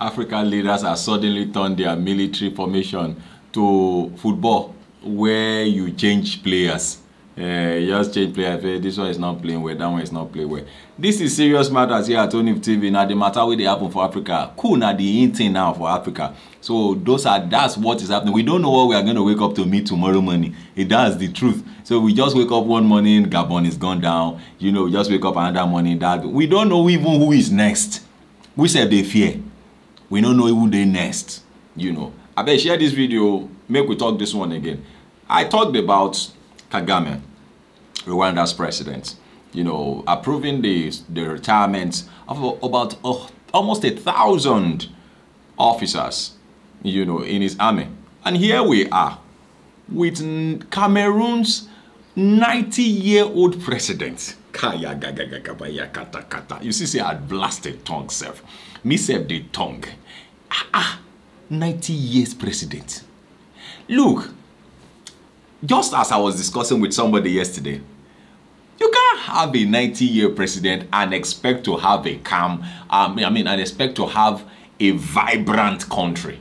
African leaders have suddenly turned their military formation to football, where you change players. Uh, just change players. This one is not playing well. That one is not playing well. This is serious matters here at Tony TV. Now the matter wey they happen for Africa, cool na the in thing now for Africa. So those are that's what is happening. We don't know what we are going to wake up to meet tomorrow morning. It does the truth. So we just wake up one morning, Gabon is gone down. You know, we just wake up another morning. That we don't know even who is next. We said they fear. we don't know who they next you know I bet share this video make we talk this one again i talked about kagame rwanda's president you know approving the the retirement of about oh, almost a thousand officers you know in his army and here we are with cameroon's 90 year old president you see say i blasted tongue self. me sef the tongue ah ah 90 years president look just as i was discussing with somebody yesterday you can't have a 90 year president and expect to have a calm um, i mean and expect to have a vibrant country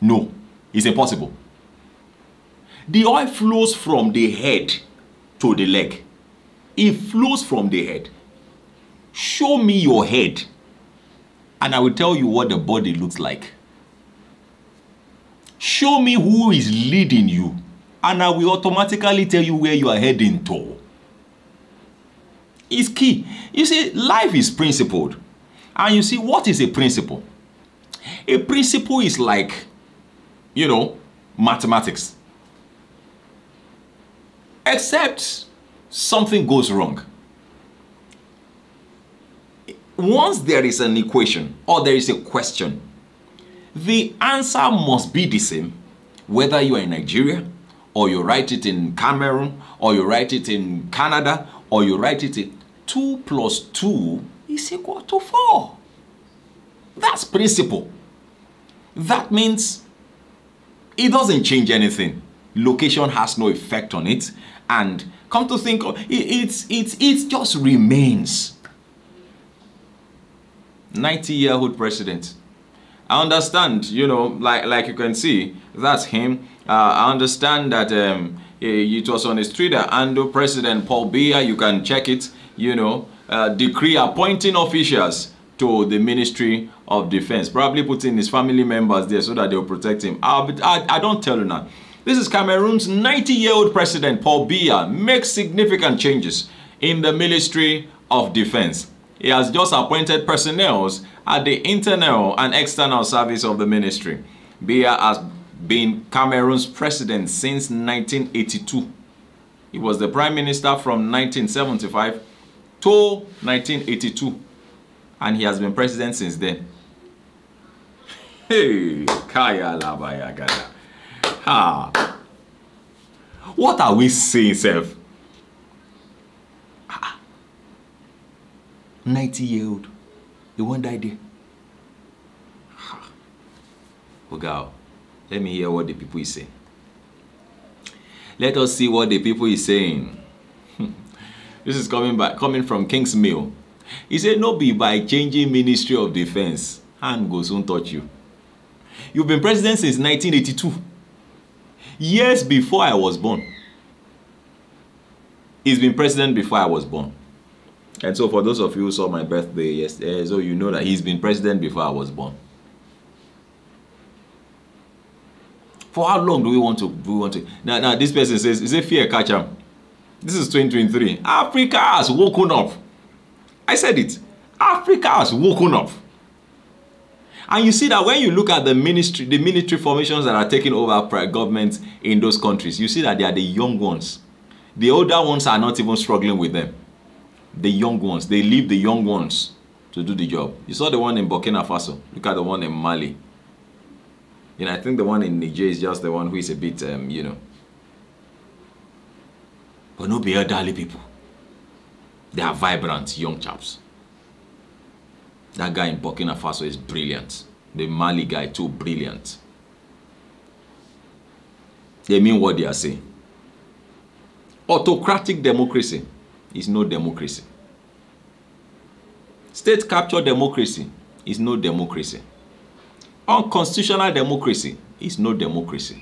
no it's impossible the oil flows from the head to the leg. It flows from the head. Show me your head and I will tell you what the body looks like. Show me who is leading you and I will automatically tell you where you are heading to. It's key. You see, life is principled. And you see, what is a principle? A principle is like, you know, mathematics except something goes wrong. Once there is an equation or there is a question, the answer must be the same whether you are in Nigeria or you write it in Cameroon or you write it in Canada or you write it in 2 plus 2 is equal to 4. That's principle. That means it doesn't change anything location has no effect on it and come to think of it it, it, it just remains 90 year old president i understand you know like like you can see that's him uh, i understand that um, it was on his twitter under president paul Biya, you can check it you know uh, decree appointing officials to the Ministry of Defense, probably putting his family members there so that they'll protect him. I, I, I don't tell you now. This is Cameroon's 90-year-old president, Paul Biya, makes significant changes in the Ministry of Defense. He has just appointed personnel at the internal and external service of the ministry. Biya has been Cameroon's president since 1982. He was the prime minister from 1975 to 1982 and he has been president since then. Hey, Kaya Labayagada. ah what are we seeing, self? ah ninety year old you won't die there ah oga o let me hear what the people is saying let us see what the people is saying hmm. this is coming by coming from king's mill he said, no be by changing ministry of defence hand go soon touch you You've been president since 1982 years before I was born. He's been president before I was born. And so for those of you who saw my birthday yesterday, so you know that he's been president before I was born. For how long do we want to do we want to now now this person says is it fear catch him? This is 2023. Africa has woken up. I said it. Africa has woken up. And you see that when you look at the ministry, the military formations that are taking over by governments in those countries, you see that they are the young ones. The older ones are not even struggling with them. The young ones, they leave the young ones to do the job. You saw the one in Burkina Faso. Look at the one in Mali. You know, I think the one in Niger is just the one who is a bit, um, you know. But no be elderly people. They are vibrant young chaps. That guy in Burkina Faso is brilliant. The Mali guy too, brilliant. They mean what they are saying. Autocratic democracy is no democracy. State capture democracy is no democracy. Unconstitutional democracy is no democracy.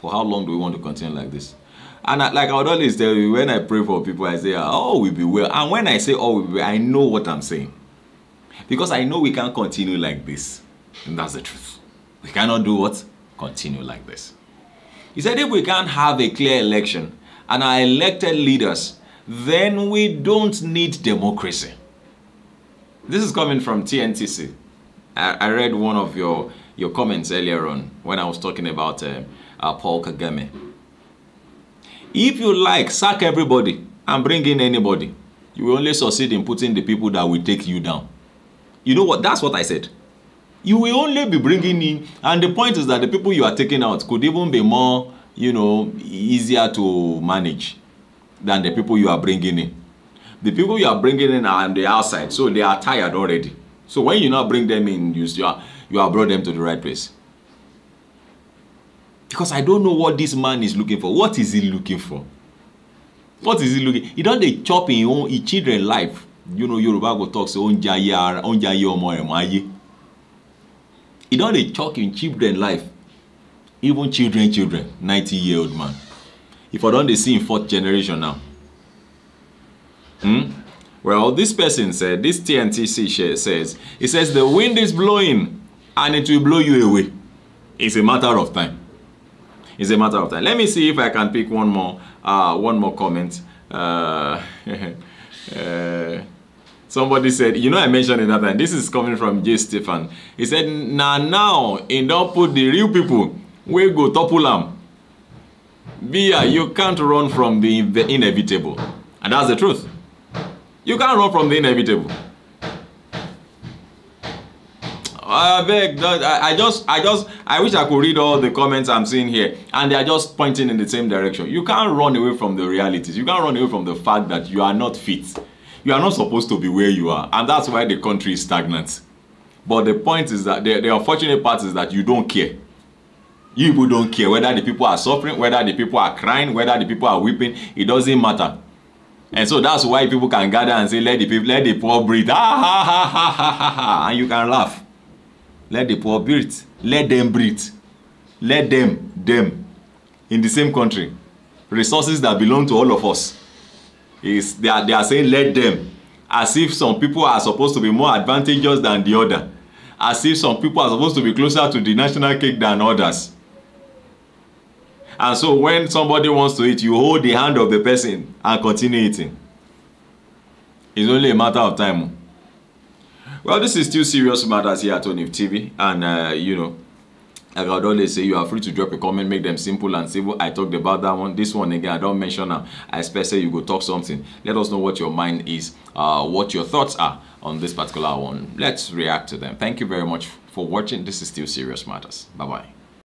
For how long do we want to continue like this? And I, like I would always tell you, when I pray for people, I say, oh, we be well. And when I say, oh, we be well, I know what I'm saying. Because I know we can't continue like this. And that's the truth. We cannot do what? Continue like this. He said if we can't have a clear election and our elected leaders, then we don't need democracy. This is coming from TNTC. I, I read one of your, your comments earlier on when I was talking about uh, uh, Paul Kagame. If you like, sack everybody and bring in anybody. You will only succeed in putting the people that will take you down. You know what? That's what I said. You will only be bringing in, and the point is that the people you are taking out could even be more, you know, easier to manage than the people you are bringing in. The people you are bringing in are on the outside, so they are tired already. So when you now bring them in, you, are, you are brought them to the right place. Because I don't know what this man is looking for. What is he looking for? What is he looking? He don't they chop in his own his children life. you know yoruba go talk say oúnjẹ ayé ara oúnjẹ ayé ọmọ ẹ̀ mọ́ ayé e don dey choke im children life even children children ninety year old man if i don dey see im fourth generation now hmm? well this person said this tntc share says he says the wind is blowing and it will blow you away it's a matter of time it's a matter of time let me see if i can pick one more uh one more comment uh, uh Somebody said, you know, I mentioned another, and this is coming from J. Stefan. He said, now, now, and don't put the real people, we go topulam. Via, Bia, you can't run from the, the inevitable. And that's the truth. You can't run from the inevitable. I beg, I just, I just, I wish I could read all the comments I'm seeing here, and they are just pointing in the same direction. You can't run away from the realities. You can't run away from the fact that you are not fit. you are not supposed to be where you are and that's why the country is stagnant but the point is that the, the unfortunate part is that you don't care you people don't care whether the people are suffering whether the people are crying whether the people are weeping it doesn't matter and so that's why people can gather and say let the people let the poor breathe ah, ha, ha, ha, ha, ha, ha. and you can laugh let the poor breathe let them breathe let them them in the same country resources that belong to all of us is they are, they are saying let them as if some people are supposed to be more advantageous than the other as if some people are supposed to be closer to the national cake than others and so when somebody wants to eat you hold the hand of the person and continue eating it's only a matter of time well this is still serious matters here at onif tv and uh, you know i would always say you are free to drop a comment make them simple and civil i talked about that one this one again i don't mention them i expect say you go talk something let us know what your mind is uh, what your thoughts are on this particular one let's react to them thank you very much for watching this is still serious matters bye bye